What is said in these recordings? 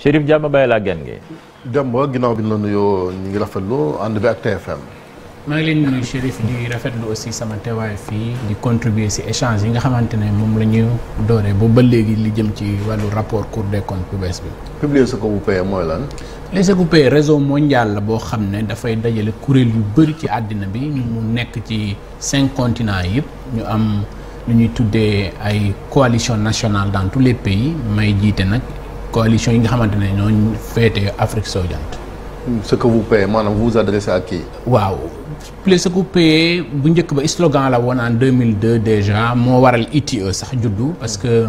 Chérif Diama bàyyi laa gen gi dem ba ginnaaw bi na la nuyoo ñu ngi rafetlu ànd bi ak TFM maa ngi leen di nuyu Chérif di rafetlu aussi sama teewaay fii di contribuer ci échange yi nga xamante ne moom la ñu dooree ba ba léegi li jëm ci wàllu rapport Cour de comptes bu bi publier ce que vous payez mooy lan les secoupe réseau mondial boo xam ne dafay dajale kuréel yu bëri ci àddina bi mu nekk ci cinq continents yëpp ñu am lu ñuy tuddee ay coalition nationale dans tous les pays may jiite nag coalition yi nga xamante ne ñooñu féete Afrique sowu-jant. Hmm, ce que vous payez maanaam vous vous adressez à waaw plus ce que vous payez bu njëkk ba slogan la woon en 2002 déjà moo waral ITIE sax juddu parce que.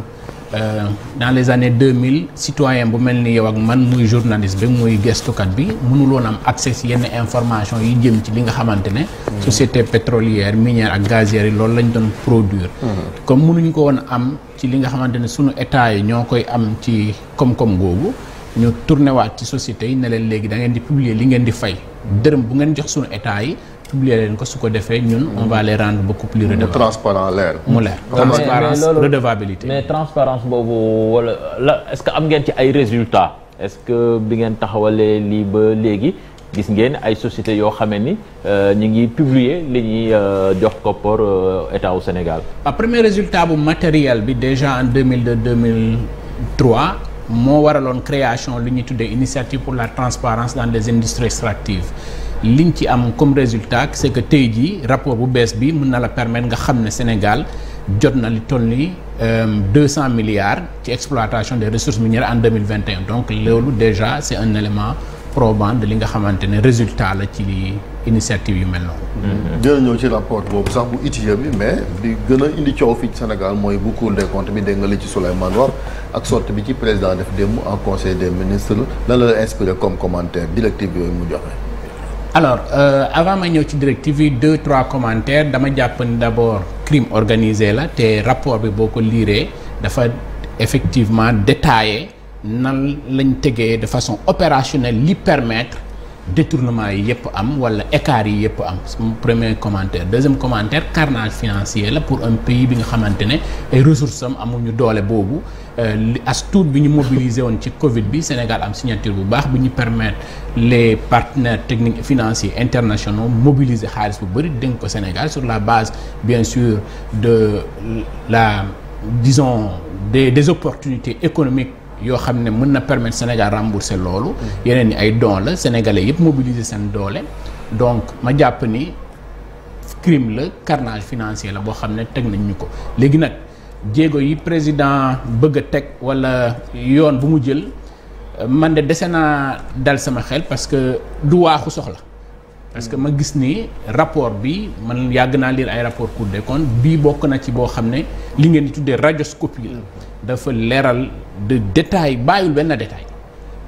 Euh, dans les années 2000 citoyen bu mel ni yow ak man muy journaliste bi muy gëstukat bi mënuloon am accès si yenn information yi jëm ci li nga xamante ne hmm. société pétrolière minière ak gazière yi loolu lañ doon produire hmm. comme mënuñu ko woon am ci li nga xamante ne sunu état yi ñoo koy am ci koom-koom googu ñu tourné waat ci société yi ne leen léegi da ngeen di publier li ngeen di fay dërëm bu ngeen jox sunu état yi publier leen ko su ko defee ñun on va les rendre beaucoup plus redevables. transparent leer. mu leer transparence redevabilité. mais transparence boobu wala la est-ce que am ngeen ci ay résultats est-ce que bi ngeen taxawalee lii ba léegi gis ngeen ay sociétés yoo xamee ni euh, ñu ngi publier li ñuy euh, jox koppar euh, état au Sénégal. waaw ah, premier résultat bu matériel bi déjà en 2002 2003. moo waraloon création lu ñuy tuddee initiative pour la transparence dans les industries extractives liñ ci am comme résultat c'est que tey jii rapport bu bees bi mun na la permettre nga xam ne Sénégal jot na li toll ni euh, deux cent milliards ci exploitation des ressources minières en deux vingt et un donc loolu déjà c'est un élément probant li nga xamante ne résultat la ci li initiative yu mel noonu. Mmh. dina ñëw ci rapport boobu sax bu ITIE bi mais di gën a indi coow fii ci Sénégal mooy bu Cour des comptes bi dégg nga li ci Souleymane wax ak sorte bi ci président def démb en conseil des ministres lan la la inspiré comme commentaire yooyu mu joxe. alors euh, avant ma ñëw ci directive yi deux trois commentaires dama jàpp ni d'abord crime organisé la te rapport bi boo ko liiree dafa effectivement détaillé nan lañ tegee de façon opérationnelle li permettre détournement yi yëpp am wala écart yi yëpp am premier commentaire deuxième commentaire carnage financier la pour un pays bi nga xamante ne ay ressources am amuñu doole boobu euh, li as tuut bi ñu mobiliser woon ci Covid bi Sénégal am signature bu baax bu ñu permettre les partenaires techniques financier financiers internationaux mobiliser xaalis bu bëri dénk ko Sénégal sur la base bien sûr de la dison des des opportunités économiques. yoo xam ne mën na permettre Sénégal rembourser loolu. yeneen yi ay dons la sénégalais yëpp mobiliser seen doole. donc ma jàpp ni crime la carnage financier la boo xam ne teg nañ ñu ko léegi nag jéego yi président bëgg a teg walla yoon bu mu jël man de dese naa dal sama xel parce que du waaxu soxla. parce que ma gis ni rapport bi man yàgg naa lire ay rapport Cour de comptes bii bokk na ci boo xam ne li ngeen di tuddee radioscopie la dafa leeral de détail bàyyul benn détail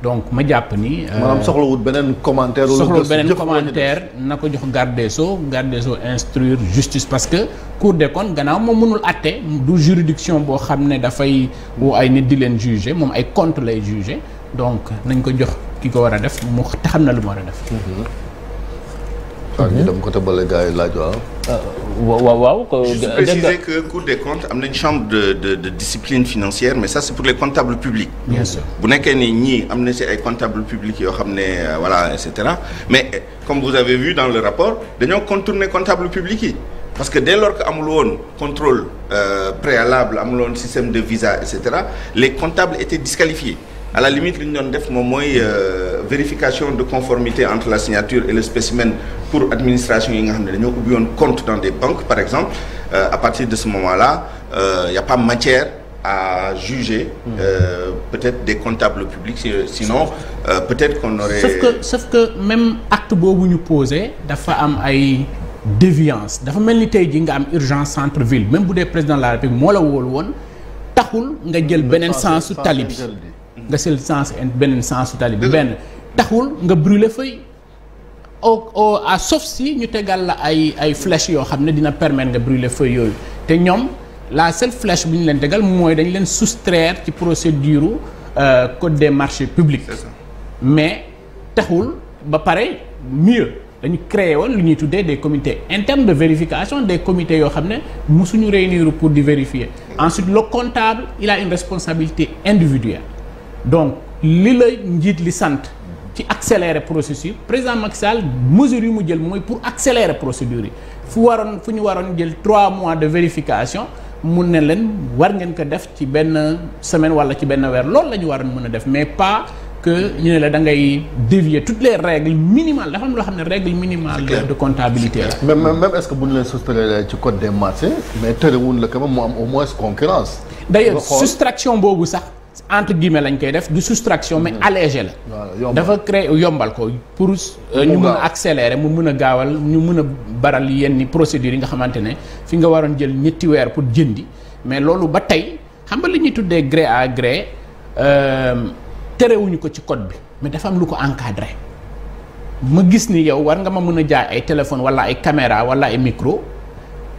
donc ma jàpp ni. Euh, maanaam soxlawut beneen commentaire. soxlawut beneen commentaire na ko jox garde des sceaux garde des sceaux instruire justice parce que Cour de comptes gannaaw moom mënul àtte du juridiction boo xam ne dafay woo ay nit di leen juger moom ay compte lay juger donc nañ ko jox ki ko war a def mu xam na lu mu war a def. Mhm. xaar mhm. ñu dem côté bële gars yi laaj waaw. Euh, waaw waaw. que Cour des comptes am nañ chambre de, de de discipline financière mais ça c'est pour les comptables publics. bu nekkee ni ñii am na ci ay comptables publics yoo xam ne euh, voilà et cetera mais euh, comme vous avez vu dans le rapport dañoo contourner comptables publics yi. parce que dès lors que amul woon contrôle euh, préalable amul woon système de visa et cetera les comptables étaient disqualifiés. à la limite li ñu doon def moom mooy euh, vérification de conformité entre la signature et le spécimen pour administration yi nga xam ne dañoo ubbi woon compte dans des banques par exemple euh, à partir de ce moment-là euh, y a pas matière à juger hmm. euh, peut-être des comptables publics sinon euh, peut-être qu'on aurait sauf que sauf même acte boobu ñu posé dafa am ay déviance dafa mel ni tey ji nga am urgence centre ville même bu dee président de la République moo la wóolu woon taxul nga jël beneen sens su bi nga sel sens benn sensu tali bi benn taxul nga brûler feuille au au à sauf si ñu tegal la ay ay flèches yoo xam ne dina permettre nga brûler feuille yooyu te ñoom la seule flèche bu ñu leen tegal mooy dañ leen soustraire ci procédure euh, code des marché publics mais taxul ba pare mieux dañu créé woon lu ñuy tuddee des comité internes de vérification des comité yoo xam ne musuñu réunir pour di vérifier ensuite le comptable il a une responsabilité individuelle donc li la njiit li sant ci accélérer processus président Macky Sall mesures yu mu jël mooy pour accélérer procédure yi fu waroon fu ñu waroon jël trois mois de vérification mun ne leen war ngeen ko def ci benn semaine wala ci benn weer loolu la ñu waroon mën a def mais pas que ñu ne la da ngay dévier toutes les règles minimales dafa am loo xam ne règle minimale de comptabilité la même même est-ce que bu ñu leen soustraire ci code des marchés mais la quand même mu am au moins concurrence d'ailleurs soustraction boobu sax entre guillemets lañ koy def du soustraction mi mm-hmm. allégé la dafa créer yombal ko pour euh, ñu mën a mu mën a gaawal ñu mën a baral yenn procédures yi nga xamante ne fi nga waroon jël ñetti weer pour jëndi mais loolu ba tey xam nga li ñuy tuddee gré à gré euh, terewuñu ko ci code bi mais dafa am lu ko encadré ma gis ni yow war nga ma mën a jaay ay téléphone wala ay caméra wala ay micro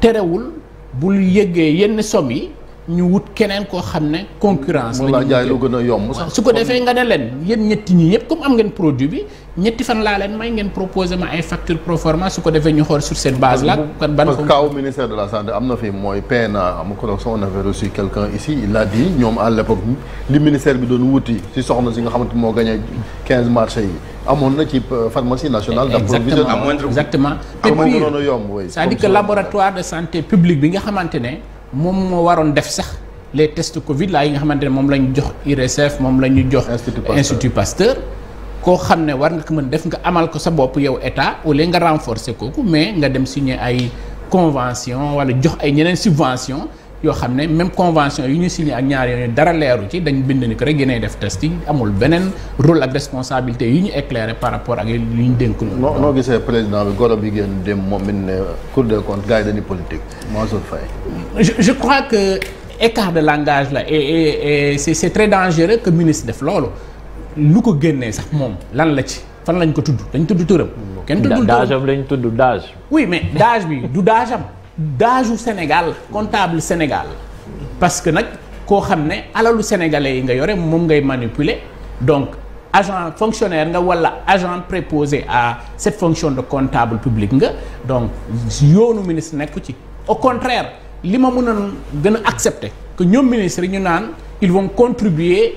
terewul bul yëggee yenn somme yi ñu wut keneen koo xam ne concurrence la ñu jaay lu gën a yomb su ko defee nga ne leen yéen ñetti ñi yëpp comme am ngeen produit bi ñetti fan laa leen may ngeen proposé ma ay facture proforma su ko defee ñu xool sur cette base là kon ban parce que ministère de la santé am na fi mooy PNA am correction on avait reçu quelqu'un ici il a dit ñoom à l'époque li ministère bi doon wuti si soxna si nga xamante moo gagné quinze marchés yi amoon na ci euh, pharmacie ne moom moo waroon def sax les tests Covid laa yi nga xamante ne moom la ñu jox IRSF moom la ñu jox. Institut Pasteur koo xam ne war nga ko mën def nga amal ko sa bopp yow état au lieu nga renforcer kooku mais nga dem signer ay convention wala jox ay ñeneen subvention yoo xam ne même convention yu ñu signé ak ñaar yooyu dara leeru ci dañ bind ni ko rek yéenay def test yi amul beneen rôle ak responsabilité yu ñu éclairé par rapport ak li ñu dénk loolu. noo noo gisee président bi goro bi dem moom mi ne Cour des comptes gars yi dañuy politique je crois que écart de langage la et et, et c'est, c'est très dangereux ministre def loolu lu ko génnee sax moom lan la ci. fan lañ ko tudd dañ tudd turam. kenn tuddul turam daajam lañ tudd daaj. oui mais daaj bi du daajam. daaju Sénégal comptable Sénégal parce que nag koo xam ne alalu sénégalais yi nga yore moom ngay manipuler donc agent fonctionnaire nga walla agent préposé à cette fonction de comptable public nga donc yoonu ministre nekku ci au contraire li ma mën a gën a accepté que ñoom ministre ñu naan ils vont contribuer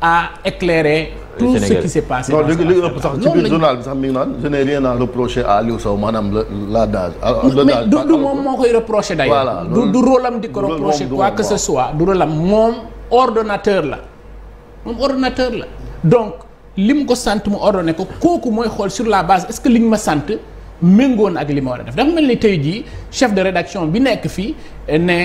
à éclairer tout ce qui s'est passé. non léegi léegi ëpp sax ci biir bi sax mi koy reproché d'ailleurs. du du rôle am di ko reproché moom ordonnateur la moom la donc li mu ko sant mu ordonné ko kooku mooy xool sur la base est-ce que liñ ma sant. méngoon ak li def dafa mel ni tey jii chef de rédaction bi nekk fii eh, ne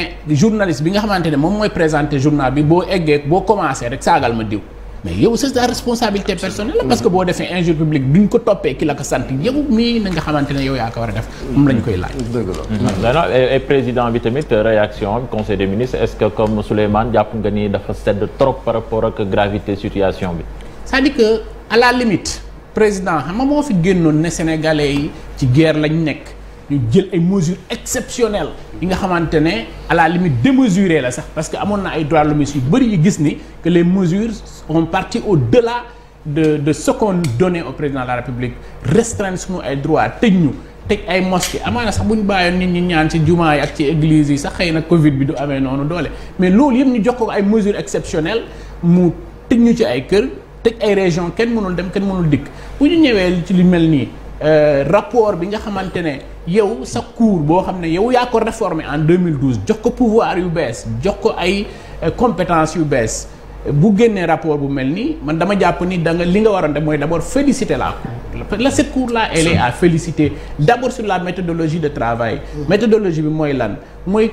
journaliste bi nga xamante ne moom mooy présenté journal bi boo eggee boo commencé rek saagal ma diw mais yow c'est ta responsabilité personnelle la parce que boo defee injure publique duñ ko toppee ki la sant yow mii nga xamante ne yow yaa ko war a def moom lañ koy laaj mm-hmm. Mm-hmm. dana et président bi tamit réaction bi conseil des ministres est-ce que comme Souleymane jàpp nga ni dafa sedd trop par rapport ak gravité situation bi sa à dire la limite président xam nga moo fi génnoon ne sénégalais yi ci guerre lañ nekk ñu jël ay mesures exceptionnelles yi nga xamante ne à la limite démesurée la sax parce que amoon na ay droits de l'homme yu bëri yu gis ni que les mesures ont parti au-delà de de ce qu'on donnait au président la République restreindre suñu ay droits tëj ñu tëj ay mosquées amaana sax bu ñu bàyyoon nit ñi ñaan ci jumaa yi ak ci église yi sax xëy na Covid bi du amee noonu doole mais loolu yëpp ñu jox ko ay mesures exceptionnelles mu tëj ñu ci ay kër tëj ay régions kenn mënul dem kenn mënul dikk Euh, rapport bi nga xamante ne yow sa cour boo xam ne yow yaa ko réformé en 2012 jox ko pouvoir yu bees jox ko ay euh, compétence yu bees bu génnee rapport bu mel nii man dama jàpp ni da nga li nga waroon def mooy d' abord féliciter la cour la cette cour là à féliciter d' sur la méthodologie de travail mm. méthodologie bi mooy lan mooy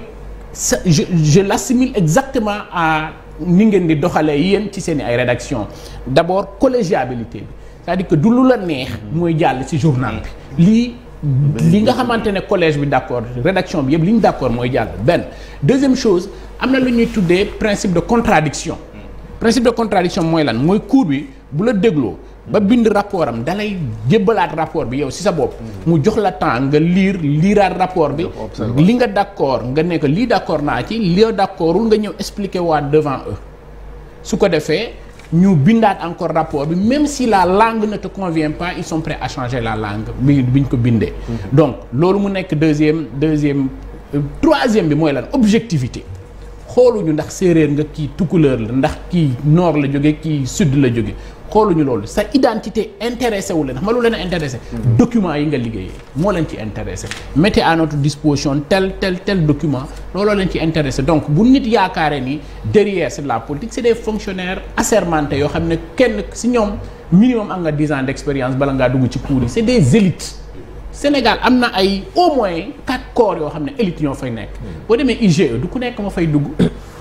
sa je je l' exactement à ni ngeen di doxalee yéen ci seen i ay rédaction d' abord collégiabilité bi cest à du lu la neex mooy jàll ci journal bi lii li nga xamante ne collège bi d'accord rédaction bi yëpp li ñu d'accord mooy jàll benn deuxième chose am na lu ñuy tuddee principe de contradiction principe de contradiction mooy lan mooy cours bi bu la dégloo ba bind rapport am dalay jébbalaat rapport bi yow ci sa bopp mu jox la temps nga liir liiraat rapport bi li nga d'accord nga nekk lii d'accord naa ci li d'accordul nga ñëw expliquer waat devant eux su ko defee ñu bindaat encore rapport bi même si la langue ne te convient pas ils sont prêts à changer la langue bi ñu ko bindee. Mm-hmm. donc loolu mu nekk deuxième deuxième euh, troisième bi mooy lan objectivité. xooluñu ndax séeréer nga kii tukkuleer la ndax kii nord la jóge kii sud la jóge xooluñu loolu sa identité intéressé wu leen xam nga lu leen intéressé hmm. document yi nga liggéey moo leen ci intéressé mettez à not disposition tel tel tel document looloo leen ci intéressé donc bu nit yaakaaree ni derrière c'est la politique c'est des fonctionnaires assermentés yoo xam ne kenn si ñoom minimum am nga dix ans d'expérience bala ngaa dugg ci cours yi c'est des élites Sénégal am na ay au moins quatre corps yoo xam ne élite ñoo fay nekk hmm. boo demee IGE du ku nekk ma fay dugg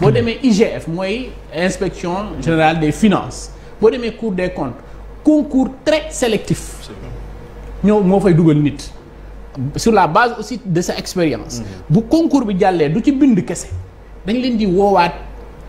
boo demee IGF e mooy inspection générale des finances boo demee cour des comptes concours très sélectif ñoo moo fay dugal nit sur la base aussi de sa expérience mm-hmm. bu concours bi jàllee du ci bind kese dañ leen di woowaat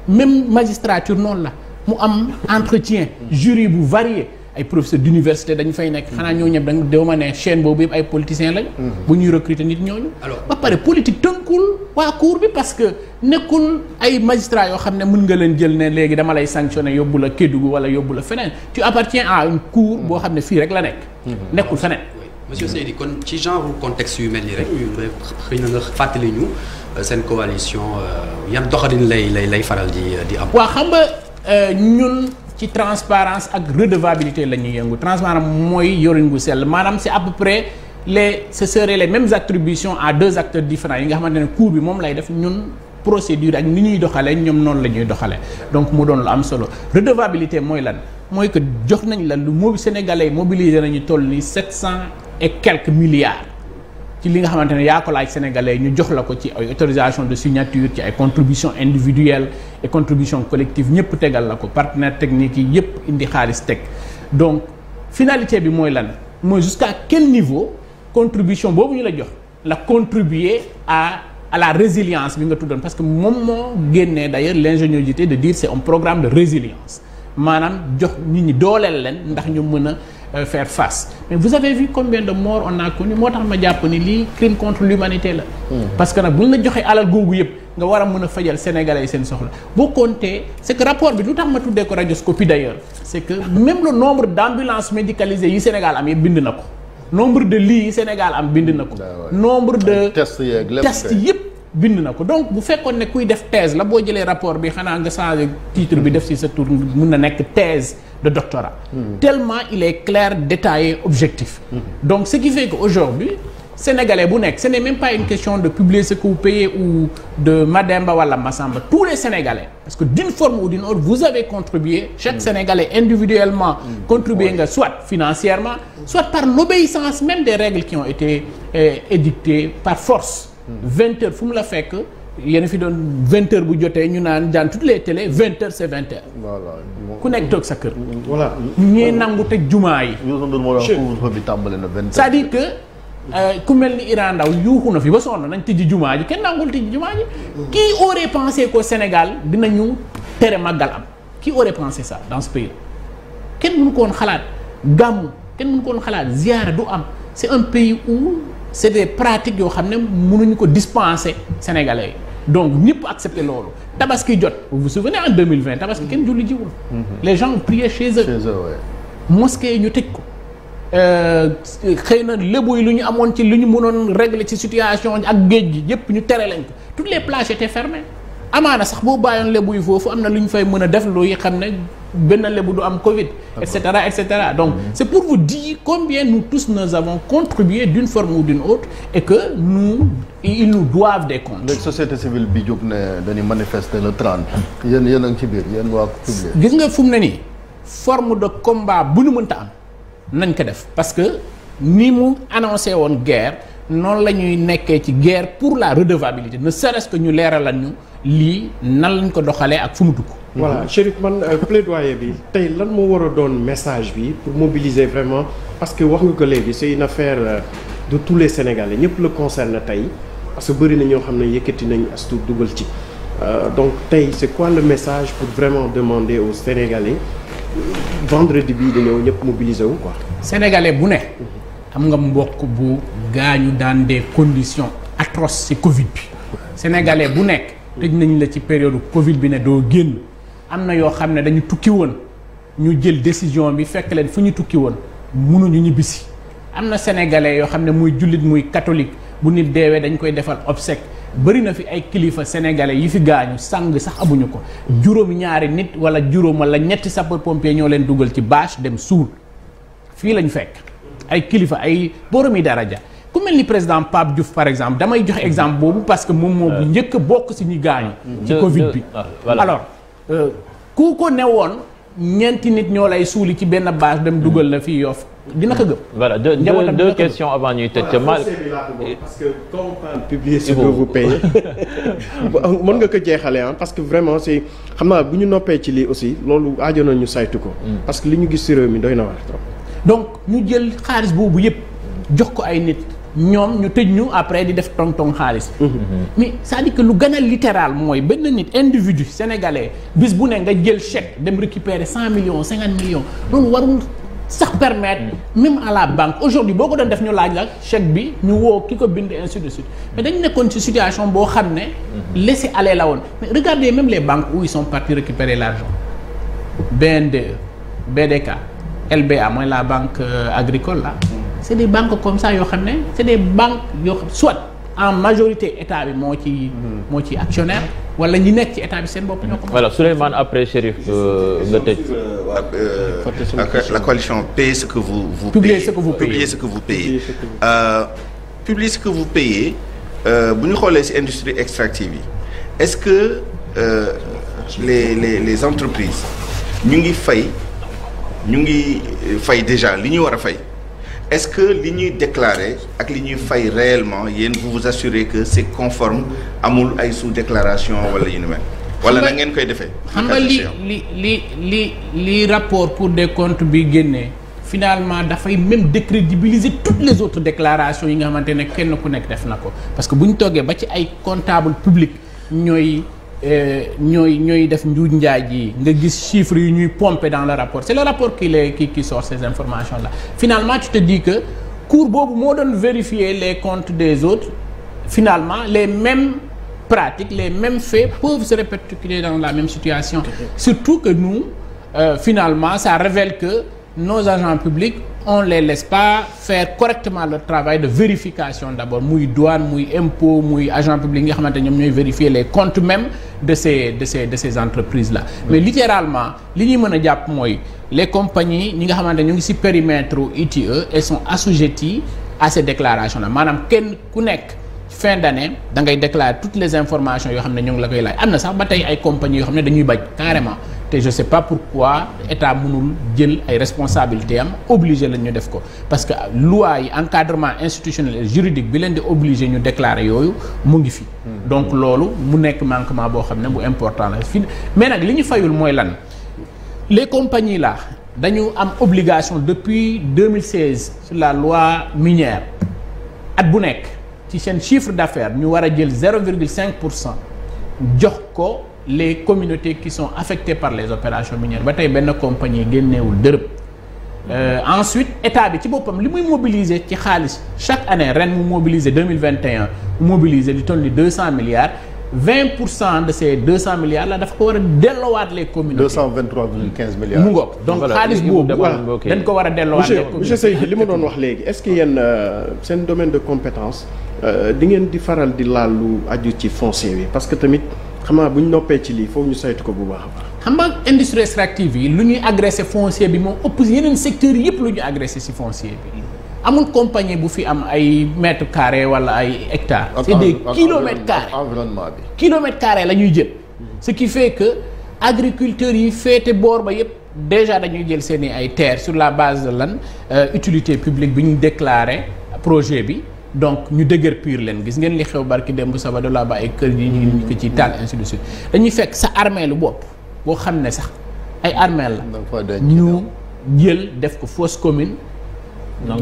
même magistrature noonu la mu am entretien jury bu varié ay professeur d'université dañu fay nekk xanaa ñoo ñëpp da nga déw ma ne chaîne boobu yëpp ay politiciens lañ bu ñuy recruter nit ñooñu ba pare politique tënkul waa cour bi parce que nekkul ay magistrats yoo xam ne mën nga leen jël ne léegi dama lay sanctionner yóbbu la Kédougou wala yóbbu la feneen tu appartiens à une cour mm-hmm. boo xam ne fii rek la nekk mm-hmm. nekkul feneen monsieur Seydi kon ci genre contexte yu mel nii rek xëy na nga fàttali ñu euh, seen coalition euh, yan doxalin lay lay lay faral di euh, di am ci transparence ak redevabilité la ñuy yëngu transparence mooy yorin gu sell maanaam c'est à peu près le ce serait les mêmes à deux acteurs différents yi nga xamante ne cour bi moom lay def ñun procédure ak ni ñuy doxalee ñoom noonu la ñuy doxalee donc mu doon lu am solo redevabilité mooy lan mooy que jox nañ la lu moo sénégalais mobiliser nañu toll ni sept cent et quelque milliards ci li nga xamante ne yaa ko laaj sénégalais ñu jox la ko ci ay autorisation de signature ci ay contribution individuelle et contribution collective ñëpp tegal la ko partenaire technique yi yëpp indi xaalis teg donc finalité bi mooy lan mooy jusqu'à quel niveau contribution boobu ñu la jox la contribuer à à la résilience bi nga tuddoon parce que moom moo génnee d'ailleurs l'ingéniosité de dire c'est un programme de résilience maanaam jox nit ñi dooleel leen ndax ñu mën a Euh, faire face mais vous avez vu combien de morts on a ni moo tax ma jàpp ni lii crime contre l'humanité la hmm. parce que nag buñ la joxee alal googu yëpp nga war a mën a fajal sénégalais yi seen soxla boo comptee c'est que rapport bi lu tax ma tuddee ko radioscopie d'ailleurs c'est que même le nombre d'ambulances médicalisées yi Sénégal am yëpp bind na ko nombre de lii yi Sénégal am bind na ko nombre de tests yëpp bind na ko donc bu fekkoon ne kuy def thèse la boo jëlee rapport bi xanaa nga changé titre bi def si sa tur mun na nekk thèse de doctorat hmm. tellement il est clair détaillé objectif hmm. donc ce qui fait que aujourd'hui sénégalais bu nekk ce n'est même pas une question de publier ce que vous payez ou de Mademba wala Massamba tous les sénégalais parce que d'une forme ou d'une autre vous avez contribué chaque hmm. sénégalais individuellement contribué nga soit financièrement soit par l'obéissance même des règles qui ont été eh, édictées par force vingt heures fu mu la fekk yéen fi doon vingt bu jotee ñu naan dans toutes les télé vingt heures c'est vingt ku nekk toog sa kër. voilà ñuy nangu teg jumaa yi. bi tàmbale na vingt heures c'est-à-dire que euh, ku mel ni Iran Ndaw yuuxu na fi ba sonn nañ tijji jumaa ji kenn nangul tijji jumaa ji. qui aurait pensé qu'au Sénégal dinañu tere màggal am qui aurait pensé ça dans ce pays-là kenn mënu ko woon xalaat gàmmu kenn mënu ko woon xalaat ziyaara du am c'est un pays où. c'est des pratiques yoo xam ne munuñu ko dispenser sénégalais yi donc ñëpp accepter loolu tabaski jot vous vous souvenez en 2020 tabaski kenn julli jiwul mhm. les gens ont prié chez eux ñu tëj ko euh, xëy na lébu yi lu ñu amoon ci lu ñu mënoon réglé ci situation ak géej gi yëpp ñu tere lañ ko toutes les plages étaient fermées amaana sax boo bàyyoon lebu yi foofu am na lu ñu fay mën a def looy xam ne benn lebu du am Covid. et cetera et cetera donc mm-hmm. c' est pour vous dire combien nous tous nous avons contribué d' une forme ou d' une autre et que nous ils nous doivent des comptes. léegi société civile bi jóg ne dañuy manifester le 30 yéen yéen a ci biir yéen waa publier. gis nga fu mu ne nii forme de combat bu ñu mënta am nañ ko def parce que ni mu annoncé woon guerre noonu la ñuy nekkee ci guerre pour la redevabilité ne serait-ce que ñu leeralal ñu. lii nan lañ ko doxalee ak fu mu dugg. voilà mhm. Chérif man euh, plaidoyer bi tey lan moo war doon message bi pour mobiliser vraiment parce que wax ko léegi c'est une affaire euh, de tous les Sénégalais ñëpp la concerne tey parce que bëri na ñoo xam ne yëkkati nañ as tuut ci. Euh, donc tey c'est quoi message pour vraiment demander aux Sénégalais vendredi bii di ñëw ñëpp mobiliser wu quoi. Sénégalais bu ne. xam nga mbokk bu gaañu daan des conditions atroces ci Covid bi. Sénégalais bu nekk. tëj nañu la ci période Covid bi ne doo génn am na yoo xam ne dañu tukki woon ñu jël décision bi fekk leen fu ñu tukki woon mënuñu ñibbisi am na sénégalais yoo xam ne muy jullit muy katolik bu nit deewee dañ koy defal obsèque bëri na fi ay kilifa sénégalais yi fi gaañu sang sax amuñu ko juróom ñaari nit wala juróom wala ñetti sapeur pompier ñoo leen dugal ci bâche dem suul fii lañu fekk ay kilifa ay boromi daraja ku mel ni président Pape Diouf par exemple damay joxe exemple boobu parce que moom moo bu euh. njëkk bokk si ñu gaañu. Mm-hmm. ci Covid bi ah, alors euh, ku ko woon ñeenti nit ñoo lay suuli ci benn bâche dem dugal na fii yoof dina ko gëm. voilà deux deux, deux questions avant ñuy tëj. voilà parce que quand on parle publier mën nga ko jeexale ah parce que vraiment c'est xam naa bu ñu noppee ci lii aussi loolu aajo na ñu saytu ko. Mm. parce que li ñu gis si réew mi doy na waar donc ñu jël xaalis boobu yëpp jox ko ay nit. ñoom ñu tëj ñu après di def tong tong xaalis. Mhm, mhm. mais cest à lu gën a littéral mooy benn nit individu sénégalais bis bu ne nga jël chèque dem récupérer cent million cinquante millions loolu warul. sax permettre mhm. même à la banque aujourd'hui boo ko doon def ñu laaj la chèque bi ñu woo ki ko bind ainsi suite mais dañ nekkoon ci situation boo xam ne laisser ale la woon mais regardez même les banques où ils sont partis récupérer l'argent BNDE BDK LBA mooy la banque euh, agricole là c' est banque banques comme ça yoo xam ne c' est des banques yoo xam soit en majorité état bi moo ci. moo ci actionnaire wala ñi nekk ci état bi seen bopp ñoo ko. voilà Souleymane après Chérif euh, nga tëj. Euh, euh, la coalition payez ce que vous vous. payez ce que vous payez publiez ce que vous payez. bu ñu xoolee ci industrie extractive yi est ce que euh, les les les entreprises ñu ngi fay ñu ngi fay déjà li ñu war a fay. est-ce que li ñuy déclarer ak li ñuy fay réellement yéen vous vous assurez que c'est conforme amul ay sous-déclaration wala yu ni mel wala na ngeen koy defee xam nga li li li li li rapport pour des comptes bi génnee finalement dafay même décrédibiliser toutes les autres déclarations yi nga xamante ne kenn ku nekk def na ko parce que bu ñu toogee ba ci ay comptable public ñooy Eh, ñooy ñooy def njuuj njaaj yi nga gis chiffres yu ñuy pomper dans le rapport c'est le rapport qui les qui qui sort ces informations là finalement te dis que cour boobu moo doon vérifier les comptes des autres finalement les mêmes pratiques les mêmes faits peuvent se répercuter dans la même situation surtout que nous euh, finalement ça révèle que nos agents publics on les les pas faire correctement leur travail de vérification d'abord muy douane muy impôt muy agent public nga xamante ñoom ñooy vérifier les comptes même de ces de ces de mais littéralement li ñuy mën a jàpp mooy les compagnies ñi nga xamante ñu ngi ci périmètre ITIE elles sont assujetties a ces déclarations là maanaam kenn ku nekk fin d'année da ngay déclarer toutes les informations yoo xam ne ñu ngi la koy laaj am na sax ba tey ay compagnies yoo xam ne dañuy bañ carrément te je sais pas pourquoi état mënul jël ay responsabilité am obligé lañ ñu def ko parce que loi yi encadrement institutionnel et juridique bi leen di obligé ñu déclarer yooyu mu ngi fi. Hmm. donc loolu mu nekk manquement boo xam ne bu important la fi mais nag li ñu fayul mooy lan les compagnies là dañu am obligation depuis 2016 sur la loi minière at bu nekk ci seen chiffre d'affaires ñu war a jël 0,5 pour cent jox ko. les communautés qui sont affectées par les opérations minières ba tey benn compagnie génneewul dërëm euh, ensuite état bi ci boppam li muy mobiliser ci xaalis chaque année ren mu mobiliser deux mille vingt et un mu mobiliser li toll ni deux cent milliards vingt pour cent de ces deux cent milliards la dafa ko war a dellowaat les communautés. deux cent vingt trois virgule quinze milliards. mu ngoog donc xaalis boobu dañ ko war a delloowaat. les communautés monsieur Seye li ma doon wax léegi est-ce que yéen euh, seen domaine de compétence euh, di ngeen di faral di laal lu aju ci foncier bi parce que tamit. xam naa bu ñu noppee ci lii foofu ñu saytu ko bu baax a baax. nga industrie extractive yi lu ñuy agressé foncier bi moom ëpp yeneen secteurs yëpp lu ñu agressé si foncier bi. amul compagnie bu fi am ay mètres carrés wala ay hectares. c'est des kilomètres carrés environnement bi. kilomètres carrés la ñuy jël. Mm-hmm. ce qui fait que agriculteurs yi féete boor ba yëpp déjà dañuy jël seeni ay terres sur la base lan euh, utilité publique bi ñu déclaré projet bi. donc ñu dëgër pur leen gis ngeen li xew barki démb saba da laa ba ay kër yi ñu ko ci taal ainsi de suite fekk sa armée lu bopp boo xam ne sax ay armée la ñu jël def ko fosse commune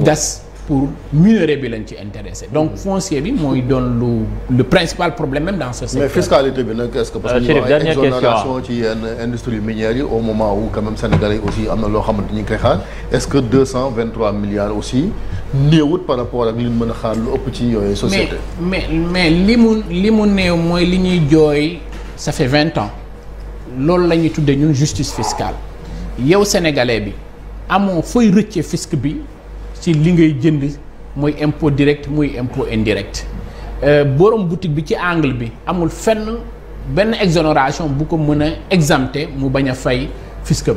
gas pour minerai bi lañ ci intéressé donc mm. foncier bi mooy doon lu principal problème même dans ce secteur. mais bi nag est-ce que parce que euh, ñu ay exonération ci yenn industrie minière yi au moment où quand même aussi am na loo xamante ñu ngi koy xaar est-ce que deux cent vingt-trois aussi néewut par rapport ak li ñu mën a xaar lu ëpp ci yooyu société mais mais li mu li mu néew mooy li ñuy jooy ça fait vingt ans loolu la ñuy tuddee ñun justice fiscale yow sénégalais bi amoo fooy rëccee fisc bi si li ngay jënd mooy impôt direct muy impôt indirect euh, borom boutique bi ci angle bi amul fenn benn exonération bu ko mën a exempté mu bañ a fay fisc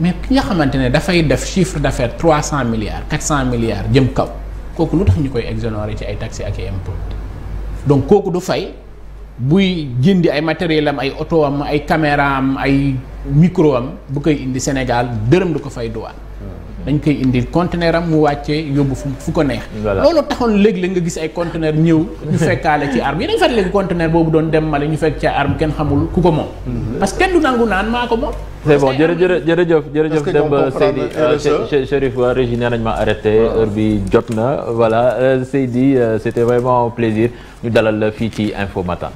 mais ki nga xamante ne dafay def chiffre d'affaires trois cent milliards quatre cent milliards jëm kaw kooku lu tax ñu koy exonérer ci ay taxi ak ay donc kooku du fay buy jëndi ay matériel am ay oto am ay caméra ay micro am bu koy indi Sénégal dërëm du ko fay duwaan dañ koy indi conteneur am mu wàccee yóbbu fu fu ko neex. loolu taxoon léeg-léeg nga gis ay conteneur ñëw. ñu fekkaale ci arme yi dañu léegi conteneur boobu doon dem Mali ñu fekk ca arme kenn xamul ku ko moom. Mhm. parce que kenn du nangu naan maa ko moom. c'est bon jërëjëf jërëjëf jërëjëf Demba Seydi e. euh, Chérif waa régie nee ma arrêté heure bi jot na voilà euh, Seydi euh, c'était vraiment un plaisir ñu dalal la fii ci info Matin.